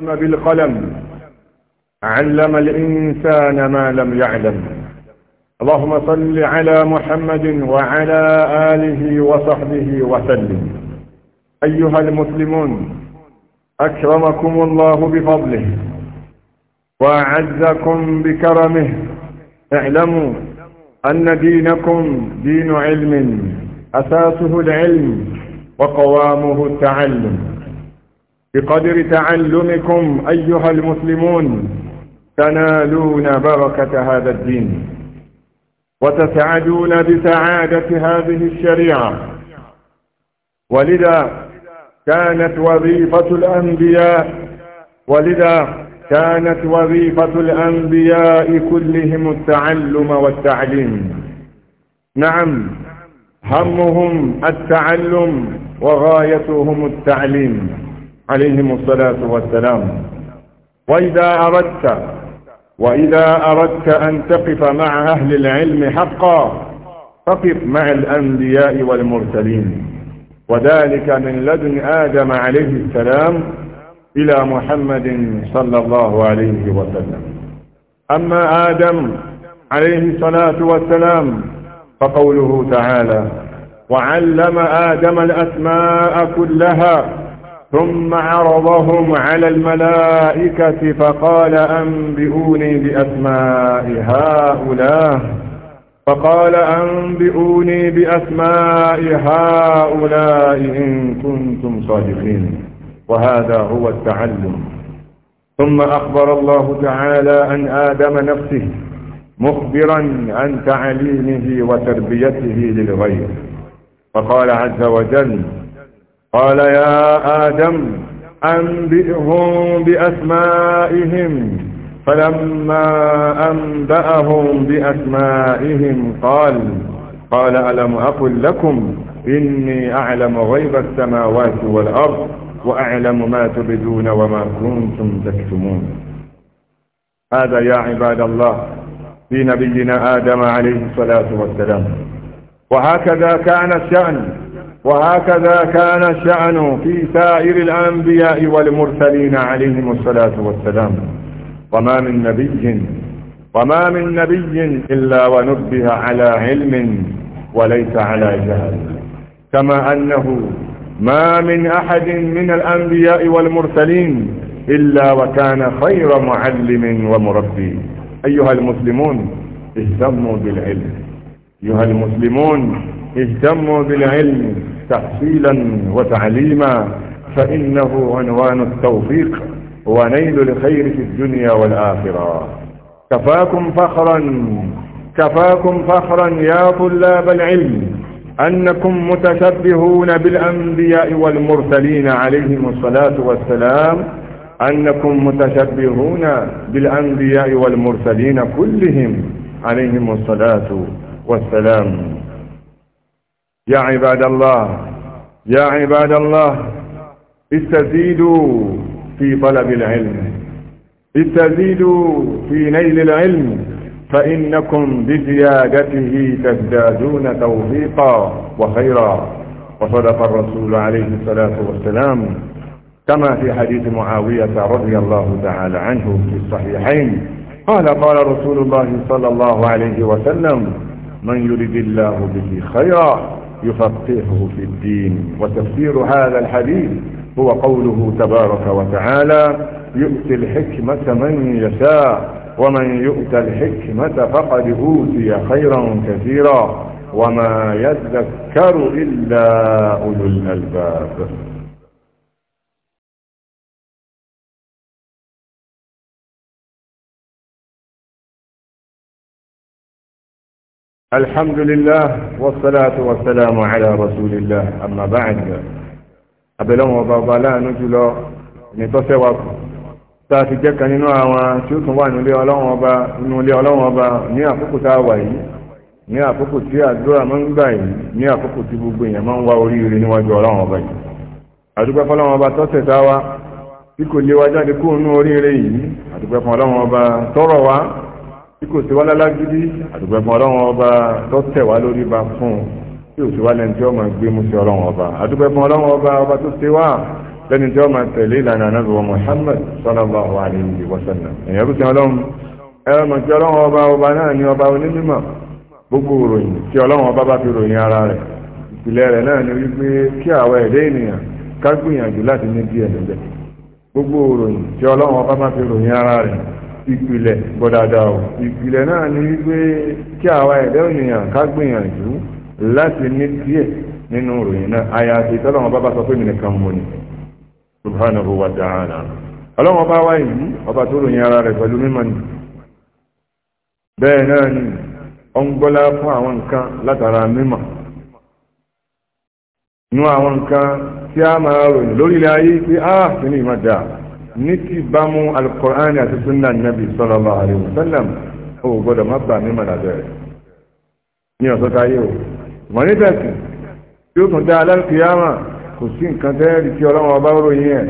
علم بالقلم علم الإنسان ما لم يعلم اللهم صل على محمد وعلى آله وصحبه وسلم أيها المسلمون أكرمكم الله بفضله وأعزكم بكرمه اعلموا أن دينكم دين علم أساسه العلم وقوامه التعلم بقدر تعلمكم أيها المسلمون تنالون بركة هذا الدين وتسعدون بسعادة هذه الشريعة ولذا كانت وظيفة الأنبياء ولذا كانت وظيفة الأنبياء كلهم التعلم والتعليم نعم همهم التعلم وغايتهم التعليم عليهم الصلاة والسلام وإذا أردت وإذا أردت أن تقف مع أهل العلم حقا فقف مع الأنبياء والمرسلين وذلك من لدن آدم عليه السلام إلى محمد صلى الله عليه وسلم أما آدم عليه الصلاة والسلام فقوله تعالى وعلم آدم الأسماء كلها ثم عرضهم على الملائكة فقال أنبئوني بأسماء هؤلاء فقال أنبئوني بأسماء هؤلاء إن كنتم صادقين وهذا هو التعلم ثم أخبر الله تعالى عن آدم نفسه مخبرا عن تعليمه وتربيته للغير فقال عز وجل قال يا آدم أنبئهم بأسمائهم فلما أنبأهم بأسمائهم قال قال ألم أقل لكم إني أعلم غيب السماوات والأرض وأعلم ما تبدون وما كنتم تكتمون هذا يا عباد الله في نبينا آدم عليه الصلاة والسلام وهكذا كان الشأن وهكذا كان الشأن في سائر الأنبياء والمرسلين عليهم الصلاة والسلام وما من نبي وما من نبي إلا ونبه على علم وليس على جهل كما أنه ما من أحد من الأنبياء والمرسلين إلا وكان خير معلم ومربي أيها المسلمون اهتموا بالعلم أيها المسلمون اهتموا بالعلم تحصيلا وتعليما فإنه عنوان التوفيق ونيل الخير في الدنيا والآخرة كفاكم فخرا كفاكم فخرا يا طلاب العلم أنكم متشبهون بالأنبياء والمرسلين عليهم الصلاة والسلام أنكم متشبهون بالأنبياء والمرسلين كلهم عليهم الصلاة والسلام والسلام يا عباد الله يا عباد الله استزيدوا في طلب العلم استزيدوا في نيل العلم فإنكم بزيادته تزدادون توفيقا وخيرا وصدق الرسول عليه الصلاة والسلام كما في حديث معاوية رضي الله تعالى عنه في الصحيحين قال قال رسول الله صلى الله عليه وسلم من يرد الله به خيرا يفقهه في الدين وتفسير هذا الحديث هو قوله تبارك وتعالى يؤتي الحكمة من يشاء ومن يؤت الحكمة فقد أوتي خيرا كثيرا وما يذكر إلا أولو الألباب الحمد لله والصلاة والسلام على رسول الله أما بعد أبلغ وبابا لا نجل نتسوك tàti jẹ́ kan nínú àwọn tí ó tún wà nílé ọlọ́run ọba nínú ilé ọlọ́run ọba ní àkókò tá a wà yìí ní àkókò tí àdúrà máa ń gbà yìí ní àkókò tí gbogbo èèyàn máa ń wá oríire níwájú ọlọ́run ọba yìí àdúgbẹ́ fún ọlọ́run ọba tọ́sẹ̀ tá wa tí kò lè wá jáde kúrò nínú oríire yìí àdúgbẹ́ fún ọlọ́run ọba tọ́rọ̀ wa tí kò sí wá lálágídí àdùgbẹ̀mọ̀ ọlọ́run ọba lọ́tẹ̀ wá lórí ba fún un tí ò sí wá lẹ́ni tí ó máa gbé mú sí ọlọ́run ọba àdùgbẹ̀mọ̀ ọlọ́run ọba ọba tó ṣe wá lẹ́ni tí ó tẹ̀lé ìlànà anábìwọ̀ Muhammad sallallahu alaihi wa sallam èèyàn tó ti ọlọ́run ẹ̀rọ mọ̀ tí ọlọ́run ọba ọba náà ní ọba onímọ̀ gbogbo ìròyìn tí ọlọ́run ọba bá fi ròyìn ara rẹ̀ ìpìlẹ̀ rẹ̀ náà ni wípé kí àwọn ẹ̀dẹ́ ìpìlẹ̀ gbọ́dàdà o uh, ìpìlẹ̀ náà ni wípé kí àwa ẹ̀dẹ́ ènìyàn ká gbìyànjú láti ní díẹ̀ nínú ròyìn náà àyàfi tọ́lọ́wọ́n bá bá sọ pé mọ̀ ni subhanahu wa ta'ala ọlọ́wọ́n bá wá yìí ọba tó ròyìn ara rẹ̀ pẹ̀lú mímọ̀ ni bẹ́ẹ̀ náà ni ó ń gbọ́lá fún àwọn nǹkan látara mímọ̀ nú àwọn nǹkan tí a máa ròyìn lórílẹ̀ ah, ní ti bá mú alukur'ani àti sunna nabi sallallahu alaihi wasallam ó gbọ́dọ̀ má bà mí màdà bẹ̀rẹ̀ ní ọ̀sọ́ táyé o mọ̀nítẹ̀sì tí ó tún dá alárùkìyàmà kò sí nǹkan tẹ́rì tí ọlọ́run ọba ròyìn ẹ̀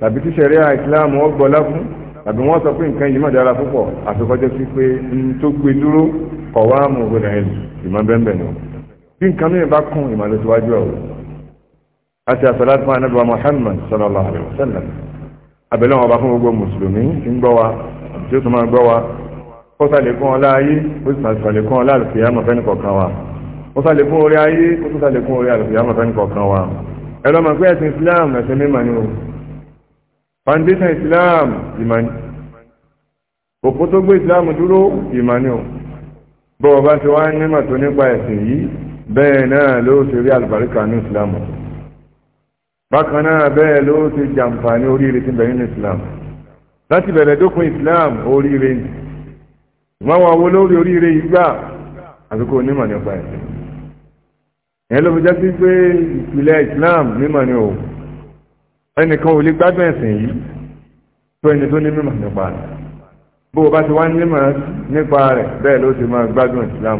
tàbí tí sẹ̀ríà ìsìláàmù ọgbọ̀lá fún tàbí wọ́n sọ pé nǹkan yìí má dára púpọ̀ àfikọ́jọ́ sí pé n tó gbé dúró kọ̀wá mú gbọdọ̀ abẹ̀lẹ́ wọn bá fún gbogbo mùsùlùmí ń gbọ́ wa tí ó tún máa gbọ́ wa ó sàlẹ̀ fún ọlá ayé ó sì sàlẹ̀ fún ọlá àlùfíàmọ̀ fẹ́ni kọ̀ọ̀kan wa ó sàlẹ̀ fún orí ayé ó tún sàlẹ̀ fún orí àlùfíàmọ̀ fẹ́ni kọ̀ọ̀kan wa ẹ̀rọ mọ̀ pé ẹ̀sìn Islam ẹ̀sìn mímọ̀ ni o foundation Islam ìmọ̀ni òpó tó gbé Islam dúró ìmọ̀ni o bọ́ọ̀ bá ti wá nímọ̀ tó nípa ẹ̀sìn yìí bẹ́ẹ̀ náà ló ṣe rí àlùbáríkà ní Islam bákan náà bẹ́ẹ̀ ló ti jàǹfààní oríire ti bẹ̀rẹ̀ nínú islam láti bẹ̀rẹ̀ dókun islam oríire ni wọ́n wá wo lórí oríire ìgbà àfikún onímọ̀ nípa ẹ̀ ìyẹn ló fi jẹ́ sí pé ìpìlẹ̀ islam mímọ̀ ni o ẹnìkan ò lè gbádùn ẹ̀sìn yìí tó ẹni tó ní mímọ̀ nípa rẹ̀ bó o bá ti wá nímọ̀ nípa rẹ̀ bẹ́ẹ̀ ló ti máa gbádùn islam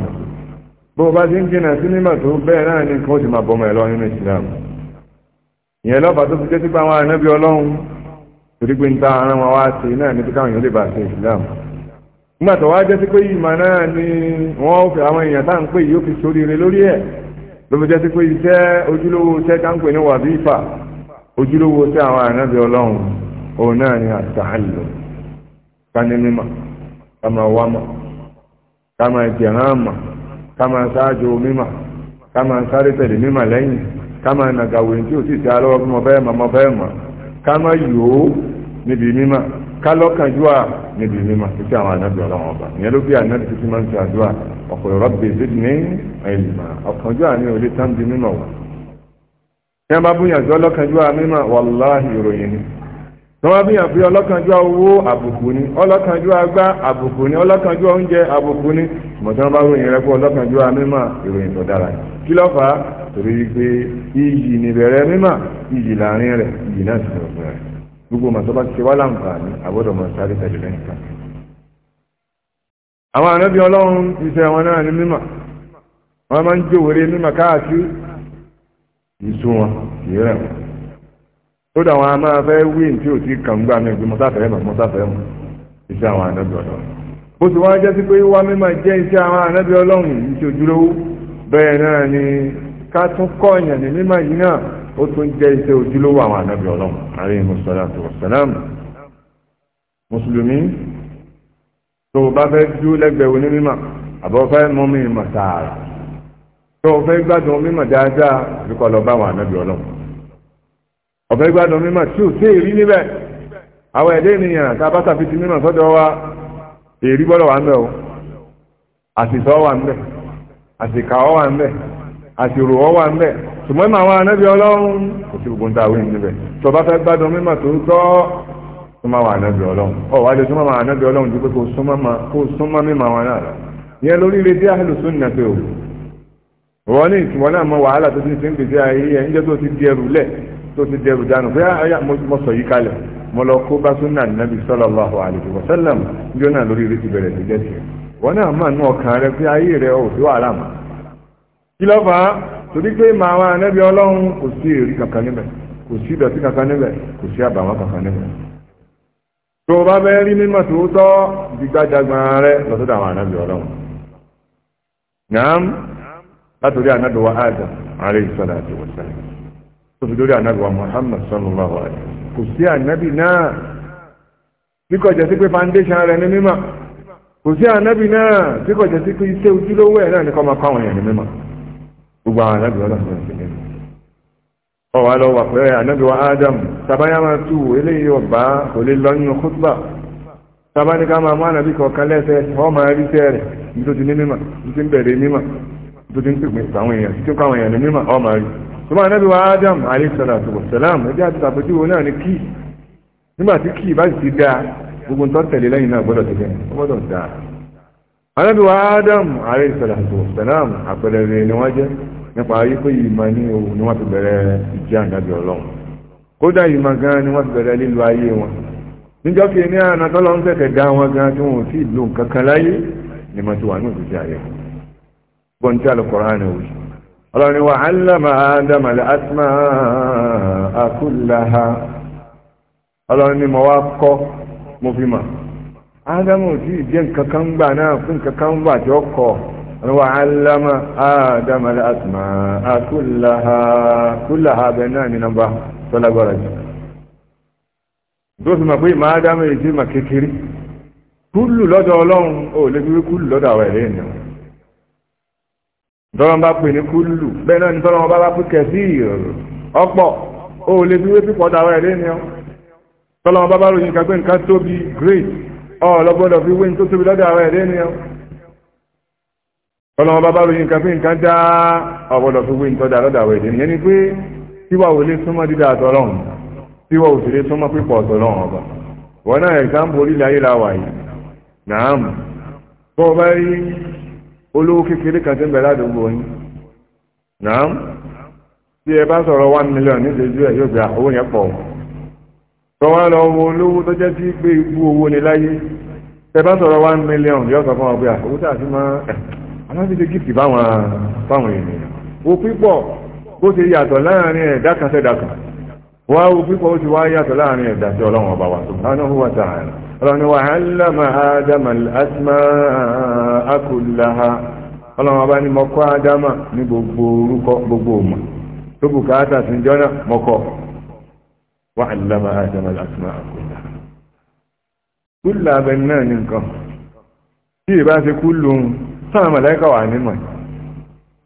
bó o bá ti ń jìnnà sí mímọ̀ tó bẹ́ẹ̀ náà ni ìyẹn lọ́ba tó fi jẹ́ sí pé àwọn ànábì ọlọ́run torí pé ń ta ara wọn wá sí náà ní pípa èèyàn lè bá ṣe ìsìlámù nígbà tó wá jẹ́ sí pé ìmọ̀ náà ni wọ́n fi àwọn èèyàn tá à ń pè yìí ó fi ṣoríire lórí ẹ̀ ló fi jẹ́ sí pé iṣẹ́ ojúlówó iṣẹ́ tá ń pè ní wàbífà ojúlówó iṣẹ́ àwọn ànábì ọlọ́run òun náà ni àtàlù kání mímọ̀ ká wá mọ̀ ká máa jẹ̀rán mọ̀ ká máa ṣáájú sáré tẹ̀lé mímọ̀ lẹ́yìn ká na nàgàwé tí ò sì ti alọ́wọ́ fún ọbẹ̀ mọ̀ ọbẹ̀ mọ̀ ká má yòó níbi mímọ̀ ká lọ́kàn jùà níbi mímọ̀ títí àwọn ànábì ọlọ́wọ́n ọba ìyẹn ló fi ànábì títí máa ń ṣe àdúrà ọ̀pọ̀ rabbi zidni ilma ọ̀kan jùà ní òlé tán di mímọ̀ wọ̀ tí wọ́n bá búyàn jọ lọ́kàn jùà mímọ̀ wàláhì ìròyìn ni tọ́wọ́ bí yàn fi ọlọ́kànjú owó àbùkù ni ọlọ́kànjú agbá àbùkù ni ọlọ́kànjú oúnjẹ àbùkù ni mọ̀tán bá ròyìn rẹ pé ọlọ́kànjú amímọ̀ ìròyìn tó dára ni kí ló fà á torí wípé iyì níbẹ̀rẹ̀ mímọ̀ iyì láàrin rẹ̀ iyì náà sì lọ́ọ́ fúnra rẹ̀ gbogbo màtọ́ bá ti ṣe wá láǹfààní àbọ̀dọ̀ mọ̀ sáré tẹ̀lé lẹ́yìn kan. àwọn ànábì ọlọ́run iṣẹ́ wọn náà ni mímọ̀ wọ́n máa ń jòwèrè mímọ̀ káàkiri ìsú wọn kì kódà àwọn amáa fẹ́ wí tí ò ti kàn gbà mí pé mo sáfẹ́ mọ̀ mo sáfẹ́ mọ̀ iṣẹ́ àwọn ànábì ọlọ́run bó ti wá jẹ́ sí pé wá mímọ̀ jẹ́ iṣẹ́ àwọn ànábì ọlọ́run yìí tí ojúlówó bẹ́ẹ̀ náà ni ká tún kọ́ ọ̀yàn ní mímọ̀ yìí náà ó tún jẹ́ iṣẹ́ ojúlówó àwọn ànábì ọlọ́run àríyìn mùsùlùmí wàsálàmù mùsùlùmí tó o bá fẹ́ dúró lẹ́gbẹ̀ẹ́ onímọ̀ àbọ̀ fẹ́ mọ́ mímọ̀ tààrà tó o fẹ́ gbádùn mímọ̀ dáadáa àbíkọ́ lọ bá àwọn ànábì ọlọ́run ọ̀fẹ́ gbádùn mímọ̀ tí ò sí èrí níbẹ̀ àwọn ẹ̀dẹ́ ènìyàn tá a bá mímọ̀ sọ́dọ̀ wa èrí gbọ́dọ̀ wà ń bẹ̀ o àṣìṣọ́ wà ń bẹ̀ àṣìkàwọ́ wà ń bẹ̀ àṣìròwọ́ wà ń bẹ̀ ṣùgbọ́n mà àwọn anábì ọlọ́run kò sí gbogbo ń ta àwìn níbẹ̀ tó bá fẹ́ gbádùn mímọ̀ tó tọ́ tó máa wà anábì ọlọ́run ọ̀ wá lè súnmọ́ mà anábì ọlọ́run ju pé kó súnmọ́ mímọ̀ wọn náà tó ti dẹrù dànù pé ah, mo sọ yí kalẹ̀ mo lọ kó bá súnà sallam jóná lórí rí bẹ̀rẹ̀ sí jẹ́ tiẹ̀ náà máa nú ọkàn rẹ pé ayé rẹ ò sí wàhálà mọ́ kí ló fà á torí pé màá ọlọ́run kò sí èrí kankan níbẹ̀ kò sí ìdọ̀tí kankan níbẹ̀ kò sí àbàwọ́n kankan níbẹ̀ tó o bá rẹ tóbi lórí ànábì wa Muhammad sallallahu alayhi kò sí ànábì náà bí kò jẹ́ sí pé foundation rẹ̀ ní mímọ̀ kò sí ànábì náà bí kò jẹ́ sí pé iṣẹ́ ojúlówó ẹ̀ náà ní kọ́ máa kọ́ àwọn èèyàn ní mímọ̀ gbogbo àwọn ànábì lọ́sọ̀rọ̀ sí mímọ̀ ọwọ́ lọ wà pé ànábì Adam tabaya máa tú eléyìí ọ̀bá kò lè lọ nínú kútbà tàbá ní ká máa mú ànábì kọ̀ọ̀kan lẹ́sẹ̀ ọ máa rí sẹ́ rẹ̀ nítorí ní mímọ̀ nítorí bẹ̀rẹ̀ mímọ̀ nítorí pèpè àwọn èèyàn tí ó kọ àwọn tọ́mọ anábì wa Adam aleyhisalatu wasalam ẹjẹ́ àti tàbójúwo náà ni kí nígbà tí kí bá sì ti dáa gbogbo ń tọ́tẹ̀lé lẹ́yìn náà gbọ́dọ̀ tẹ̀lé gbọ́dọ̀ dáa anábì wa Adam aleyhisalatu wasalam àpẹẹrẹ rẹ̀ ni wọ́n jẹ́ nípa ayé pé ìmọ̀ ní òun ni wọ́n ti bẹ̀rẹ̀ ìjẹ́ àǹdàbí ọlọ́run kódà ìmọ̀ gan ni wọ́n ti bẹ̀rẹ̀ lílo ayé wọn níjọ́ kí ní àná ń tẹ̀tẹ̀ dá wọn gan tí wọn ò sí ìlú nǹkan kan láyé ni mo ti wà ní òkúta ayé wọn. bọ́n tí alukọ̀rọ̀ àná òjì ọlọ́ni wà hálàmà ádámà látìmá àkúláha ọlọ́ni mọ̀ wá kọ́ mo fi mà ádámà tí ìjẹ́ nkankan gbà náà fún nkankan gbà tí ó kọ́ ọlọ́ni wà hálàmà ádámà látìmá àkúláha kúláha bẹ́ẹ̀ náà ní nọ́mbà tọ́lágbára jù tó fi ìmọ̀ ádámà yìí mà kékeré kúlù lọ́dọ̀ ọlọ́run ò lè fi kúlù lọ́dọ̀ àwọn ẹ̀rẹ́ ènìyàn tọ́lọ́n bá pè ní kúlù bẹ́ẹ̀ náà ni tọ́lọ́n bá bá pè kẹ̀sí ọ̀pọ̀ ó lè fi wé pípọ̀ dáwọ́ ẹ̀lẹ́ ni ọ́ tọ́lọ́n bá bá ròyìn kagbé nǹkan tóbi great ọ̀lọ́gbọ́dọ̀ fi wé ní tó tóbi lọ́dọ̀ àwọ̀ ẹ̀lẹ́ ni ọ́ tọ́lọ́n bá bá ròyìn kagbé nǹkan dá ọ̀gbọ́dọ̀ fi wé ní tọ́jà lọ́dọ̀ àwọ̀ ẹ̀lẹ́ ni ẹni pé tíwà ò lè súnmọ́ dídá àtọ́lọ́run tíwà ò sì lè súnmọ́ pípọ̀ àtọ́lọ́run ọba wọn náà ẹ̀sán borí ilẹ̀ ayé la wà yìí nàám olówó kékeré kan tí ń bẹ ládùúgbò yín náà tí ẹ bá sọ̀rọ̀ one million ní ìṣẹ́jú ẹ̀ yóò gba ah, owó yẹn pọ̀ tọ́wọ́ lọ wo olówó tó jẹ́ sí pé ibú owó ni láyé tẹ bá sọ̀rọ̀ one million yóò sọ fún ọ pé ah, owó tí a ti máa àwọn ti ṣe gift báwọn báwọn ènìyàn wo pípọ̀ bó ti yàtọ̀ láàrin ẹ̀dá kan sẹ́dá kan wá wo pípọ̀ ó ti wá yàtọ̀ láàrin ẹ̀dá sí ọlọ́run ọba wa subhanahu wa ta'ala ọlọ́ni wà á lọ́mọ ádámà asma akùláha ọlọ́mọ bá ní mọ́kọ́ ádámà ní gbogbo orúkọ gbogbo ọmọ tó bùkátà sí jọ́nà mọ́kọ́ wà á lọ́mọ ádámà asma akùláha kúlù abẹni náà ní nǹkan tí ìbá ṣe kúlù ń sáà màláíkà wà nímọ̀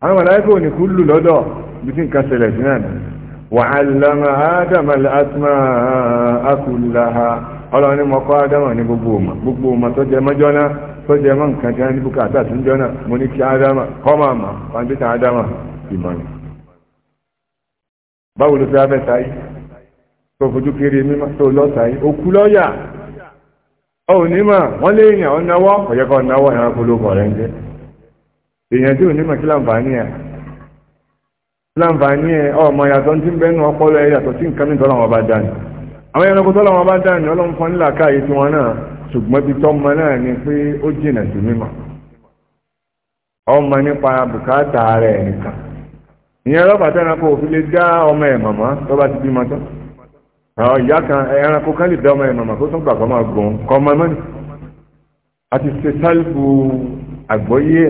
àwọn màláíkà ò ní kúlù lọ́dọ̀ bí tí nǹkan ṣẹlẹ̀ sí náà وعلم آدم الأسماء كلها ọlọ́run ní mọ́kọ́ ádámà ní gbogbo ọmọ gbogbo ọmọ tó jẹ mọ́jọ́ náà tó jẹ mọ́ nǹkan jẹ́ ní bùkátà tó ń jọ náà mo ní kí ádámà kọ́mà mà pàǹdítà ádámà ìmọ̀ ni. fi abẹ́ sáyé tó fojú kiri mímọ́ tó lọ sáyé láǹfààní ẹ ọmọ yàtọ̀ tí ń bẹ́ nù ọpọlọ ẹ yàtọ̀ tí nǹkan mìíràn wọn bá dání àwọn ẹranko tọ́lọ́ wọn bá dání ọlọ́run fún nílà káàyè tí wọn náà ṣùgbọ́n bí tọ́mọ náà ni pé ó jìnà sí mímọ́ ọmọ nípa bùkátà rẹ̀ nìkan ìyẹn lọ́pàá tí ẹranko òfin lè dá ọmọ ẹ̀ màmá tó bá ti bímọ tán àwọn ìyá kan ẹranko kan lè dá ọmọ ẹ̀ màmá kó tún gbà kọ́ máa gbọ́n kọ́ máa mọ́ni àti ṣe sálífù àgbọ́yé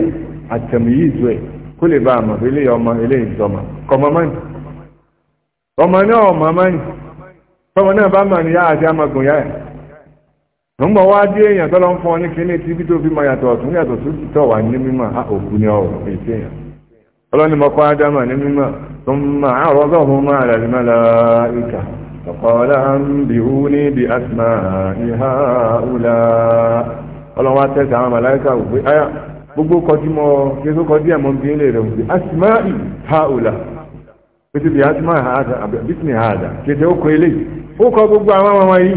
àtẹ̀míyìí kó lè bá àmọ̀ ilé ọmọ ilé ìjọmọ̀ kọmọ mọ́nì ọmọ náà ọmọ mọ́nì ya náà bá mọ̀ ní yá àti amagun yá ẹ̀ wá èèyàn ń fún ọ ní kíní tí bí tó fi máa yàtọ̀ ọ̀tún yàtọ̀ tó ti tọ̀ wá ní ní ọ̀rọ̀ èèyàn ádámà ní tó ìkà ọlọ́wọ́ àwọn ayá gbogbo kọjú mọ́ késo kọjú ẹ̀mọ́ bí ilé rẹ̀ wùdí asìmáì ha òlà bí asìmáì ha bísìmì ha àdà ilé ó kọ gbogbo àwọn ọmọ yìí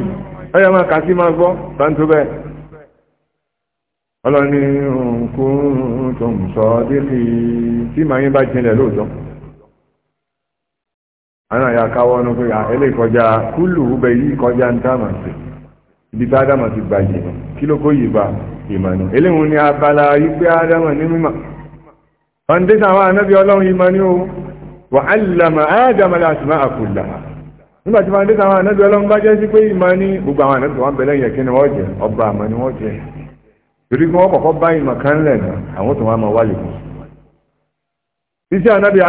ọyọ máa kà sí máa gbọ́ báńtó bẹ́ẹ̀ ọlọ́ni nǹkan tó ń sọ délé tí màá yín bá lóòótọ́ àwọn àyàkáwọ́ ọ̀nà pé kọjá kúlù yìí kọjá ń bí bá ádámà ti bàjẹ́ kí ló kó yìí bá ìmọ̀ nù eléhùn ni abala wípé ádámà ní mímọ̀ foundation àwọn anábí ọlọ́run ìmọ̀ ní o wà á làmà ádámà láti má àkùlà nígbà tí foundation àwọn anábí ọlọ́run bá jẹ́ sí pé ìmọ̀ ní gbogbo àwọn anábí wọn bẹ̀lẹ̀ yẹ kí ni wọ́n jẹ ọba àmọ́ ni wọ́n jẹ torí kí wọ́n kọ́kọ́ bá ìmọ̀ kan lẹ̀ náà àwọn tó wọn máa wá lè kù iṣẹ́ anábí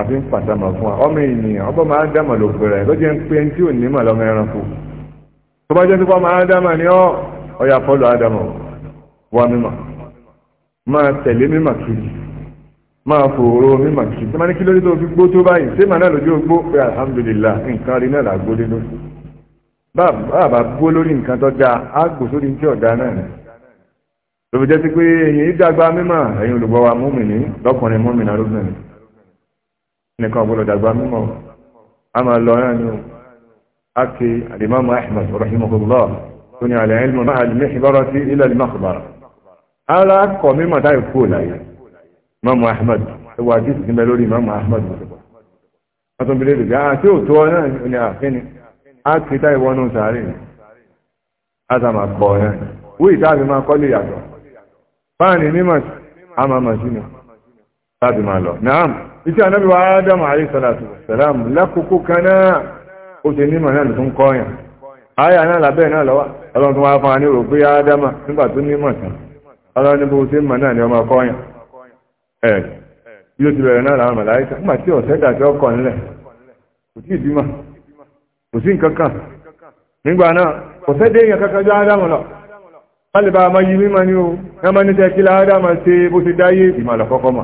àfi ń pàtàmà fún wa ọmọ ènìyàn ọba máa dámà ló pẹ̀rẹ̀ ló jẹ́ ń pé ẹni tí ò ní mà lọ́mọ ẹranko tó bá jẹ́ tó bá máa dámà ní ọ́ ọ̀yà fọ́lù ádámà wa mímọ̀ máa tẹ̀lé mímọ̀ kiri máa fòòró mímọ̀ kiri tí wọ́n ní kí lóde tó fi gbó tó báyìí sí náà lójú gbó pé alhamdulillah nǹkan rí náà làgbó lé lórí bàbá gbó lórí nǹkan tó dáa á gbò sórí ní tí ọ̀dà náà ni lóbi jẹ́ sí pé èyí dàgbà mímọ̀ ẹ̀yin olùgbọ́ wa múmi nìkan ọ̀gbọ́dọ̀ dàgbà mímọ̀ a máa lọ náà ni a kí alimami ahmed rahimahullah tó ní alẹ́ ilmu máa lè mẹ́sìbára sí ilẹ̀ alimakubara ara kọ mímọ̀ táyì kú láyé mamu ahmed ẹwà tí ti bẹ lórí mamu ahmed wọ́n tún bilé dùgbà àti òtú ọ náà ni àfẹ́ni a kí máa lọ náà iṣẹ́ anábì wa ádámù alayhi salatu wassalam lákòókò kan náà ó ṣe nímọ̀ náà tó ń kọ́yàn ayà náà lábẹ́ náà lọ́wọ́ ọlọ́run tó wá fún wa ní rò pé ádámà nígbà tó nímọ̀ tán ọlọ́run bó ṣe mọ̀ náà ni ọmọ kọ́yàn ẹ̀ yóò ti bẹ̀rẹ̀ náà làwọn màláíkà nígbà tí ọ̀sẹ̀ dàtí ọkọ̀ nílẹ̀ kò tí ì kò sí nǹkan kan nígbà náà kò fẹ́ dé èèyàn kankan jọ ádámù lọ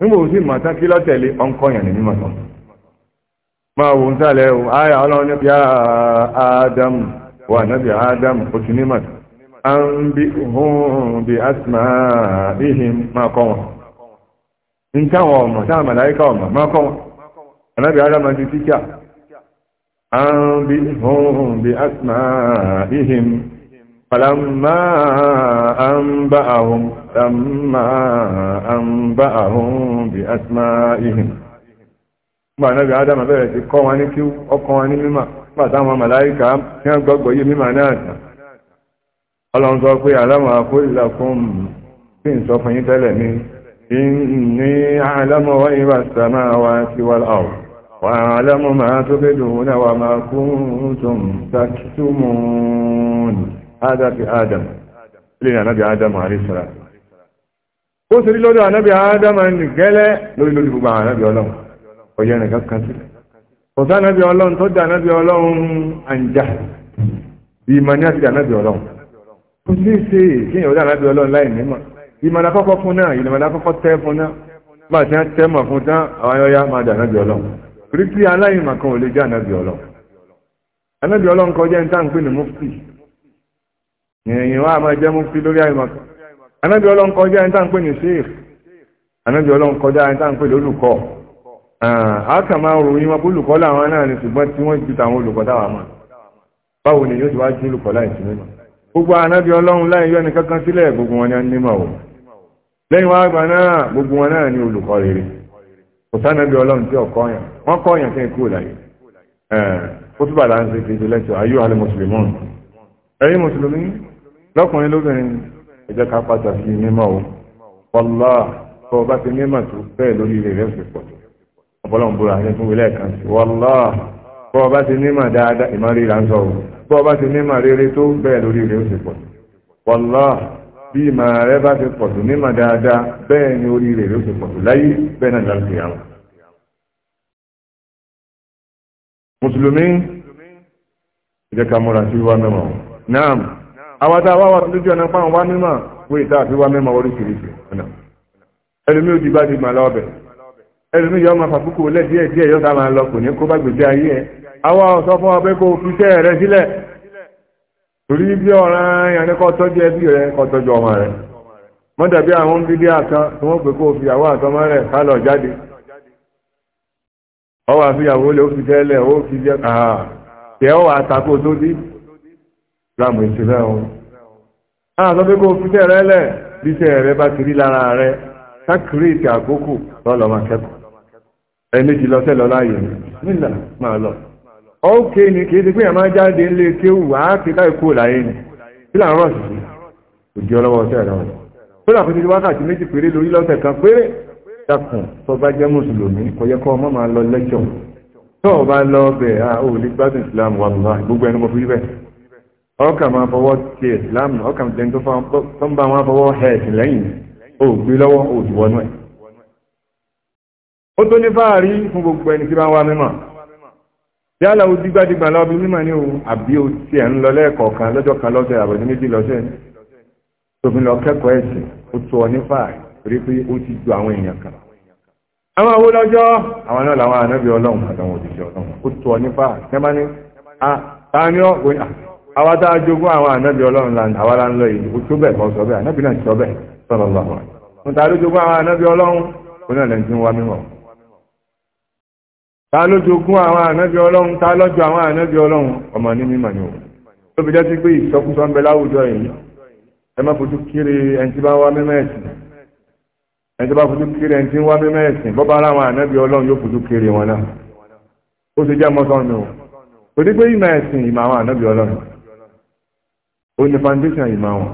nígbà òsì màtá kí lọ́tẹ̀lé ọ̀nkọ́yàn ní mímọ̀ tán máa wò ń sàlẹ̀ o àyà ọlọ́run níbi Adam wà nábi ádámù ó ti nímọ̀ tán a ń bí ohun bí asma ihim máa kọ́ wọn ń táwọn ọmọ táwọn màláíkà ọmọ máa kọ́ wọn ànábì ádámù ti tíkà a ń bí ohun bí asma ihim فلما أنبأهم لما أنبأهم بأسمائهم ما نبي آدم بẹ̀rẹ̀ sí kọ́ wọn ní kí ọkọ̀ wọn ní mímọ̀ pàtà àwọn màláíkà tí wọ́n gbọ́gbọ́ yí mímọ̀ náà tàn ọlọ́run sọ pé àlámọ̀ àkóìlàkún tí ń sọ fún yí tẹ́lẹ̀ ní ní àlámọ̀ wọ́n ìwà sàmà wa ti wà láwọ̀ wà àlámọ̀ máa tó bẹ́dùn náà wà máa kún tún tàkítùmùn ádáfi ádámù ilé ànábì ádámù àríṣàrà ó sì rí lọ́dọ̀ ànábì ádámù ní gẹ́lẹ́ lórí lórí gbogbo àwọn ànábì ọlọ́run ọ̀yẹ́ nìkan kan sí ọ̀sá ànábì ọlọ́run tó dá ànábì ọlọ́run àǹjà ìmọ̀ ní àti ànábì ọlọ́run kò sí ṣe kéèyàn ọ̀dọ̀ ànábì ọlọ́run láì nímọ̀ ìmọ̀ lákọ́kọ́ fún náà ìmọ̀ lákọ́kọ́ tẹ́ fún náà bá ti ń tẹ́mọ̀ fún tán àwọn ayọ́yá máa dà ànábì ọlọ́run rí pé aláìmọ̀ kan ò lè jẹ́ ànábì ọlọ́run ànábì ọlọ́run kọjá ń tá ìrìnyìn wa máa jẹ́ mufti lórí àìmọ̀kan anábì ọlọ́run kọjá ẹni tá ń pè ní sheikh anábì ọlọ́run kọjá ẹni tá ń pè lólùkọ́ àákà máa ròyìn wọn olùkọ́ làwọn náà ni ṣùgbọ́n tí wọ́n ju tàwọn olùkọ́ táwa mọ̀ báwo ni yóò ti wá ju olùkọ́ láì sí mímọ̀ gbogbo anábì ọlọ́run láì yọ ẹnìkan kan sílẹ̀ gbogbo wọn ni a o lẹ́yìn wá àgbà náà gbogbo wọn náà ni olùkọ́ rere kò sánábì ọlọ́run tí ọkọ yàn wọ́n kọ́ yàn kẹ́yìn kúrò láyé ó túbà láǹṣe kejì lẹ́tọ̀ ayé wa ni mùsùlùmí ẹ̀yin mùsùlùmí lọ́kùnrin lóbìnrin ẹjọ́ ká pàtàkì mímọ́ o ọlá tó bá ti mímọ̀ tó bẹ́ẹ̀ lórí ilẹ̀ rẹ̀ sì pọ̀ ọ̀pọ̀lọpọ̀ búra ní fún ilé kan sí wọ́lá bọ́ bá ti mímọ̀ dáadáa ìmọ̀ ríra ń sọ o bọ́ bá ti mímọ̀ rere tó bẹ́ẹ̀ lórí ilẹ̀ sì pọ̀ wọ́lá bí ìmọ̀ rẹ bá ti pọ̀ tó mímọ̀ dáadáa bẹ́ẹ̀ ni orí ilẹ̀ sì pọ̀ láyé bẹ́ẹ̀ náà láti yàwó àwọn a wá wà lójú ọ̀nà pàwọn wá mímọ̀ wọ́n ìta àfi wá mímọ̀ oríṣiríṣi ọ̀nà ẹlòmí ò dìbà dìbà lọ́ọ̀bẹ̀ ẹlòmí yọ ọmọ fàkókò lẹ̀ díẹ̀ díẹ̀ yọ ká máa lọ kò ní kó bá gbèsè ayé ẹ àwa sọ fún ọ pé kó fi iṣẹ́ rẹ sílẹ̀ torí bí ọ̀ràn yẹn ni kó tọ́jú ẹbí rẹ kó tọ́jú ọmọ rẹ mọ́ dàbí àwọn bíbí àkan tí wọ́n pè kó fi àwọn àtọmọ rẹ̀ kálọ̀ jáde ọwọ́ àfihàn ó lè ó fi tẹ́lẹ̀ ó fi jẹ́ àà tẹ́ ọ àtakò láàmù ètò rẹ̀ o. àwọn àtọ́ pé kó fi tẹ́ rẹ lẹ̀ bí tẹ́ rẹ bá ti rí lára rẹ sákìrì ìtì àkókò lọ́lọ́ máa kẹ́kọ̀ọ́ ẹ̀ẹ́mẹ́jì lọ́sẹ̀ lọ láàyè nílà máa lọ. ókè ni kì í ti pé àmá jáde ńlé kéwù àáké láì kó láyé ni kí là ń rọ̀ sí òjì ọlọ́wọ́ ọ̀sẹ̀ rẹ̀ wọn. tó làkó ti di wákàtí méjì péré lórí lọ́sẹ̀ kan péré dákun tó bá jẹ́ mùsùlùmí kò yẹ kó ọmọ máa lọ lẹ́jọ́ tó o bá lọ bẹ̀ ah ò ní gbádùn ìsìlámù wàlúwà gbogbo ẹni mo fi rí bẹ́ẹ̀ ọkà máa fọwọ́ ti ìsìláàmù ọkà jẹ́ tó ń bá wọn fọwọ́ ẹ̀ẹ̀sì lẹ́yìn ó gbé lọ́wọ́ òjúwọ́nú ẹ̀ ó tó ní fáàrí fún gbogbo ẹni tí bá wá mímọ̀ yálà ó dígbàdígbà lọ́bí mímọ̀ ní òun àbí ó ti ẹ̀ ń lọ lẹ́ẹ̀kọ̀ọ̀kan lọ́jọ́ kan lọ́sẹ̀ àbọ̀dé méjì lọ́sẹ̀ tóbi lọ kẹ́kọ̀ọ́ ẹ̀sìn ó tó ọ ní fáàrí rí pé ó ti ju àwọn èèyàn kan àwọn owó lọ́jọ́ àwọn náà làwọn ànábì ọlọ́run àtàwọn òṣìṣẹ́ ọlọ́run ó tó ọ ní fáàrí tẹ́ bá ní ah, àwọn tá a jogún àwọn ànábì ọlọ́run la àwa la ń lọ yìí kò tó bẹ́ẹ̀ kọ́ sọ bẹ́ẹ̀ ànábì náà sọ bẹ́ẹ̀ sọ̀rọ̀ lọ́wọ́ wọn ta ló jogún àwọn ànábì ọlọ́run kò náà lẹ́yìn tí ń wá mímọ́ ta ló jogún àwọn ànábì ọlọ́run ta lọ́jọ́ àwọn ànábì ọlọ́run kiri ẹni tí bá wá mímọ́ kiri ẹni tí ń wá mímọ́ ẹ̀sìn bọ́ bá láwọn kiri wọn náà ó ti jẹ́ mọ́sán o kò dé pé ìmọ̀ ẹ̀sìn ó ní foundation ìmọ̀ wọn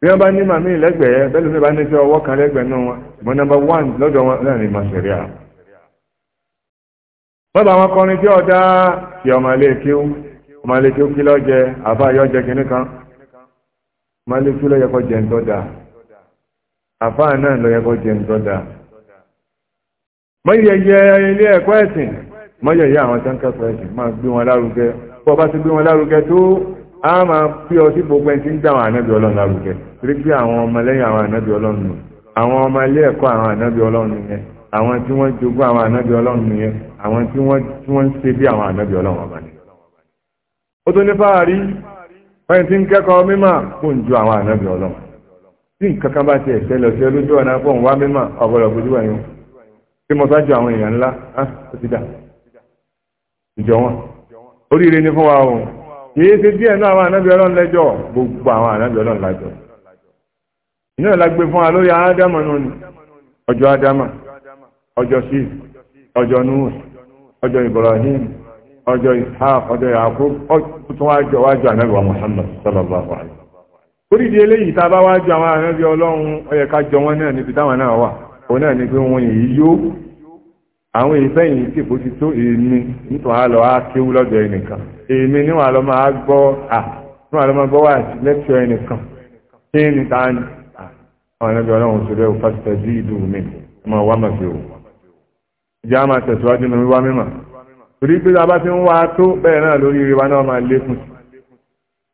bí wọ́n bá ní màmí lẹ́gbẹ̀ẹ́ bẹ́ẹ̀ lómi bá ní sí ọwọ́ kan lẹ́gbẹ̀ẹ́ náà wọn ìmọ̀ nọ́mbà one lọ́dọ̀ wọn náà ní ìmọ̀ sẹ̀ríà wọ́n bá wọn kọrin tí ọ̀dá ti ọmọlékéwú ọmọlékéwú kí ló jẹ àfáàyọ́ jẹ kínní kan ọmọlékéwú ló yẹ kó jẹ ń tọ́ da àfáà náà ló yẹ kó jẹ ń tọ́ da mọ́yẹ̀yẹ ilé ẹ̀kọ́ ẹ̀sìn mọ́yẹ̀yẹ àwọn tó ń kẹ́kọ̀ọ́ ẹ̀sìn máa gbé wọn lárugẹ bọ́ bá ti gbé wọn lárugẹ tó a máa pí ọ sí gbogbo ẹni tí ń dá àwọn ànábì ọlọ́run lárugẹ torí pé àwọn ọmọlẹ́yìn àwọn ànábì ọlọ́run nù àwọn ọmọ ilé ẹ̀kọ́ àwọn ànábì ọlọ́run nìyẹn àwọn tí wọ́n jogún àwọn ànábì ọlọ́run nìyẹn àwọn tí wọ́n ń ṣe bí àwọn ànábì ọlọ́run ọba ni. ó tún ní fáàrí fẹ́yìn tí ń kẹ́kọ̀ọ́ mímọ̀ kò ń ju àwọn ànábì ọlọ́run tí nǹkan kan bá ti ẹ̀sẹ̀ lọ sí olójú ọ̀nà pọ̀ ń wá mímọ̀ ọ̀gọ̀rọ̀ gbójú wẹ̀yìn tí mo sáájú o kìí ṣe díẹ̀ náà àwọn ànábì ọlọ́run lẹ́jọ́ gbogbo àwọn ànábì ọlọ́run lájọ́ iná fún wa lórí ádámà náà ni ọjọ́ adama ọjọ́ sí ọjọ́ núhù ọjọ́ ibrahim ọjọ́ ishaq ọjọ́ muhammad sallallahu alaihi orí eléyìí tá a bá àwọn ànábì jọ wọn náà níbi táwọn náà wà òun náà ni pé àwọn ìfẹ́ yìí sì bó ti tó èmi nítorí àlọ akéwú lọ́dọ̀ ẹnìkan èmi níwọ̀n àlọ́ máa gbọ́ à níwọ̀n àlọ́ máa gbọ́ wà lẹ́kṣọ́ ẹnìkan kí ni ta ni àwọn ẹgbẹ́ ọlọ́run sọ lẹ́wọ̀ pásítọ̀ sí ìlú mi ọmọ wa mà fi òun ìjà máa tẹ̀síwájú ní wíwá mímọ̀ torí pé a bá ti ń wá tó bẹ́ẹ̀ náà lórí ire náà máa lékún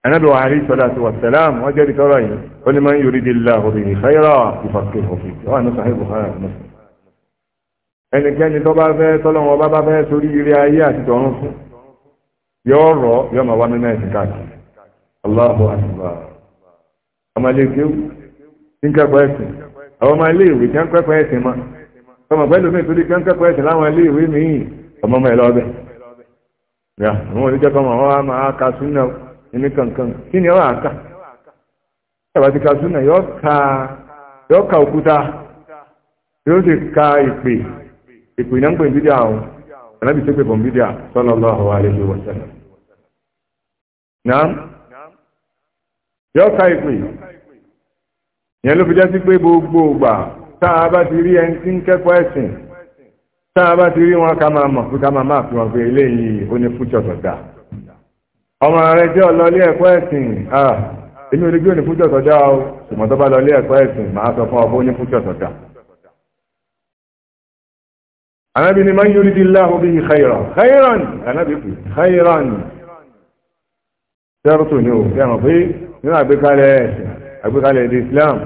ẹnẹ́bẹ̀ wà rí sọ́dá sí wàsálàm wọ́n jẹ́ ẹnikẹ́ni tó bá fẹ́ tọ́lọ́wọ́ bá bá fẹ́ sórí ire ayé àti tọ̀run fún yọ rọ̀ yóò máa wá mímọ́ ẹ̀sìn káàkiri Allahu akbar ọmọ ilé kéwù tí ń kẹ́kọ̀ọ́ ẹ̀sìn àwọn ọmọ ilé ìwé tí ń kẹ́kọ̀ọ́ ẹ̀sìn ma ọmọ pẹ̀lú mi torí kẹ́ ń kẹ́kọ̀ọ́ ẹ̀sìn láwọn ilé ìwé mi yìí ọmọ ọmọ ẹ̀ ìpè iná ń pè bídíà àwọn anábì tó pè fún bídíà sallallahu alaihi wa sallam. náà yọ ká ìpè yẹn ló fi jẹ́ sí pé gbogbo ògbà tá a bá ti rí ẹni tí ń kẹ́kọ̀ọ́ ẹ̀sìn tá a bá ti rí wọn ká máa mọ̀ ká máa máa fi wọn pé eléyìí ó ní fújọ ọmọ rẹ jẹ́ ọlọ́lé ẹ̀kọ́ anábì ni man yuridillahu bihi khayran khayran anábì pè khayran sẹ́rọ̀tò ni ó fẹ́ràn pé nínú àgbékalẹ̀ ẹ̀sìn àgbékalẹ̀ èdè Islam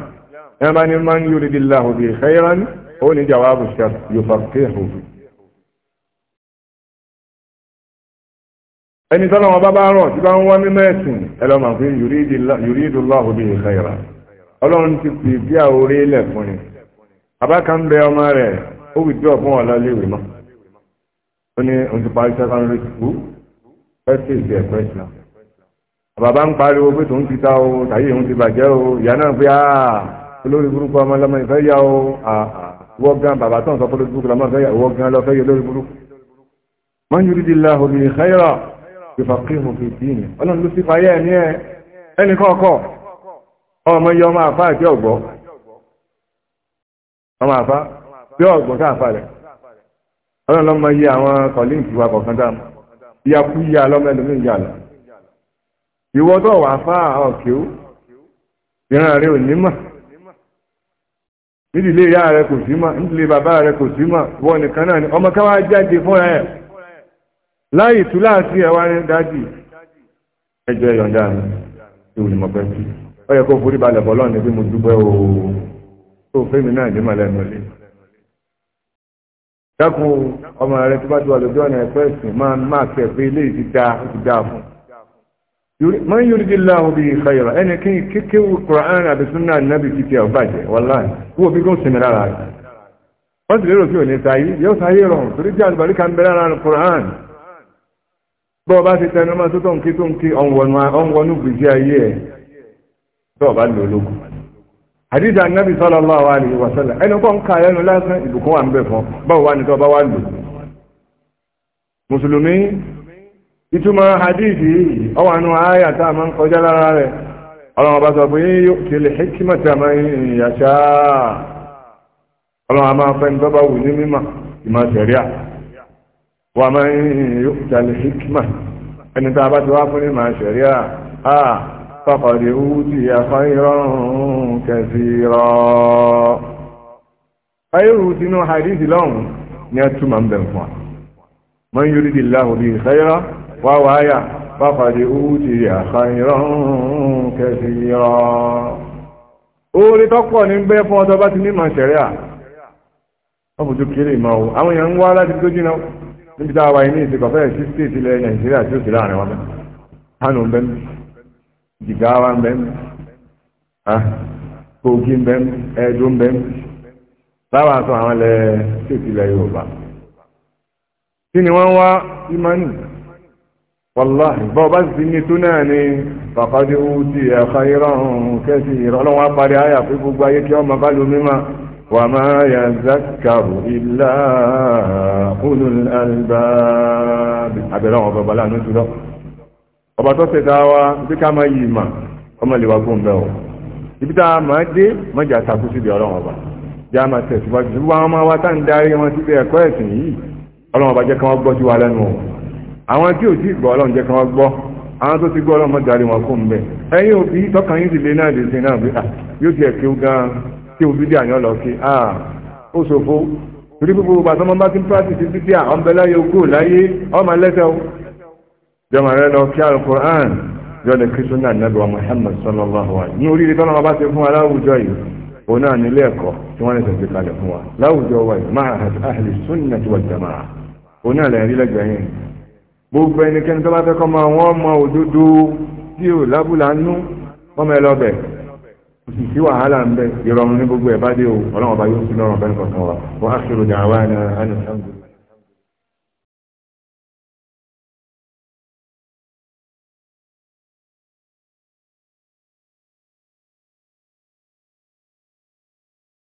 yẹn bá ní man yuridillahu bihi khayran ó ní jawabu shart yufaqihu ẹni tọ́lọ́ wọn bá bá rọ̀ tí bá ń wá mímọ́ ẹ̀sìn ẹlọ́mà pé yuridullahu bihi khayran ọlọ́run ti pè bí àwòrán ilẹ̀ fún bẹ ọmọ rẹ̀ ó wì dúró fún ọ̀la léwé mọ́ ó ní oṣù parí secondary school ẹsẹ̀ ìṣe ẹ̀kọ́ ìṣìlá bàbá ń pariwo pé tòun ti ta o tàyè òun ti bàjẹ́ o ìyá náà pé áà ah, olórí burúkú ọmọ ọlọ́mọ ìfẹ́ yá o wọ́n gan bàbá tó ń sọ fọ́lọ́ burúkú lọ́mọ ìfẹ́ yá wọ́n gan lọ yẹ lórí burúkú. man yuridillahu bihi khayran yufaqqihhu fi din ọlọ́run ló sì fàyẹ́ ẹ̀mí ẹ̀ ẹnì kọ́kọ́ ọmọ yẹ ọmọ àfá àti ọ̀gbọ́ ọmọ àfá bí ọ̀gbọ̀n sáàfà rẹ̀ ọlọ́run lọ́mọ yí àwọn kọ̀líǹkì wa kọ̀ọ̀kan dáa ìyá kú yá lọ́mọ ẹlòmíì yá lọ ìwọ tó wà fá ọ̀kẹ́wò ìran rẹ̀ ò ní mà nídìílé ìyá rẹ̀ kò sí mà nídìílé bàbá rẹ̀ kò sí mà wọ́n nìkan náà ni ọmọ káwá jáde fúnra ẹ̀ tú láti ní dájì ẹjọ́ mi sí ọ yẹ kó forí balẹ̀ ní bí mo dúpẹ́ o tó fẹ́mi náà dákun ọmọ rẹ tó bá ti wà lójú ọ̀nà ẹ̀fẹ́ ìsìn máa máa kẹ̀ pé ilé ìdí da ti da fún man yuridillahu bihi khayra ẹni kí kíkéwù Qur'an àti súnà nábì ti tẹ ọ̀bàjẹ́ wallahi kú òbí kó sinmi lára rẹ̀ wọ́n sì lérò sí òní sáyé yóò sáyé rọrùn torí jẹ́ àlùbáríkà ń bẹ lára Qur'an bọ́ ọba ti tẹnu máa tó tó ń ké tó ń ké ọ̀nwọ̀nù àdídà nábì sallallahu alaihi wa sallam ẹni kọ́ ń ka ẹnu lásán ìbùkún wà ń bẹ̀ fún báwo wá ní tọ́ bá wá lò mùsùlùmí ìtumọ̀ hadithi ọwà nù ayà tá a máa ń kọjá lára rẹ̀ ọlọ́run ọba sọ pé yóò kele hikmata man yasha ọlọ́run a máa fẹ́ ní bá wù ní mímọ̀ ìmọ̀ sẹ̀ríà wà máa ń yóò ẹni tá a bá ti wá fún ìmọ̀ sẹ̀ríà ah, فقد أوتي خيرا كثيرا خير سنو حديث لهم نياتو من بنفع من يريد الله به خيرا ووايا فقد أوتي خيرا كثيرا orí tọ́pọ̀ ní bẹ́ fún ọdọ́ bá ti ní màá ṣẹ̀rẹ́ à ọbùjú kéré ìmọ̀ ohun àwọn èèyàn ń wá láti tó jìnà níbi táwà ní ìsìnkọ̀fẹ́ sí state ilẹ̀ Nàìjíríà tí ó sì láàrin wọn mẹ́ta bẹ́ẹ̀ Jigawa ń bẹ mẹ́ Kogi ń bẹ mẹ́ Ẹdó ń bẹ mẹ́ láwọn aṣọ àwọn ilẹ̀ tètè ilẹ̀ Yorùbá kí ni wọ́n wá ìmánì wàláhì bọ́ bá sì ní tó náà ni fàkàdé ó ti ẹ̀ka ìrọ̀rùn kẹsì ìrọ̀lọ́wọ́ parí àyà pé gbogbo ayé kí ọmọ bá lo mímọ́ wà máa yà zákàrù ìlà ulul albab abẹ́rẹ́ àwọn bàbá lánàá jùlọ ọba tó ṣẹ̀dá wa bí ká máa yìí mà ọmọ lè wá gùn bẹ́ẹ̀ o ibi tá a máa dé mọ́jà takú síbi ọlọ́run ọba jẹ́ àmà tẹ̀síwájú sí wọn máa wá tá ń darí wọn síbi ẹ̀kọ́ ẹ̀sìn yìí ọlọ́run ọba jẹ́ kí wọ́n gbọ́ sí wa lẹ́nu o àwọn tí ò tí gbọ́ ọlọ́run jẹ́ kí wọ́n gbọ́ àwọn tó ti gbọ́ ọlọ́run mọ́ darí wọn kún bẹ́ẹ̀ ẹ̀yin òbí tọkàn yín sì lé náà lè ṣe náà bí ah, yóò ti ẹ̀kí gan tí òbí dí àyàn lọ sí ah ó ṣòfò torí gbogbo bàtọ́ mọ́ bá ti ń pàṣẹ sí bíbí à ọmọbẹ láyé ogó láyé ọmọ ẹlẹ́sẹ̀ jọmọ rẹ lọ kí alukur'an yọ lè kí sunna nabi wa muhammad sallallahu alayhi ní oríire tọ́lọ́ wọn bá ti fún wa láwùjọ yìí òun náà nílé ẹ̀kọ́ tí wọ́n lè tẹ̀sí kalẹ̀ fún wa láwùjọ wa yìí máa ahli sunna ti wà jamaa òun náà lẹ́yìn lẹ́gbẹ̀ẹ́ yẹn gbogbo ẹnikẹ́ni tó bá fẹ́ kọ́ máa wọ́n mọ òdodo tí ò lábúlà nú wọ́n mọ ẹlọ́bẹ̀ kò wàhálà ń bẹ ìrọ̀rùn ní gbogbo ẹ̀ bá dé o ọlọ́run ọba yóò sí lọ́rùn bẹ́ẹ̀ kọ̀ọ̀kan wa wọ́n á ṣòro dàwa náà á nìkan gbogbo.